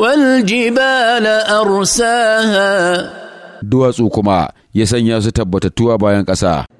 waljibala arsaha. duwatsu kuma ya sanya su tabbatattuwa bayan ƙasa.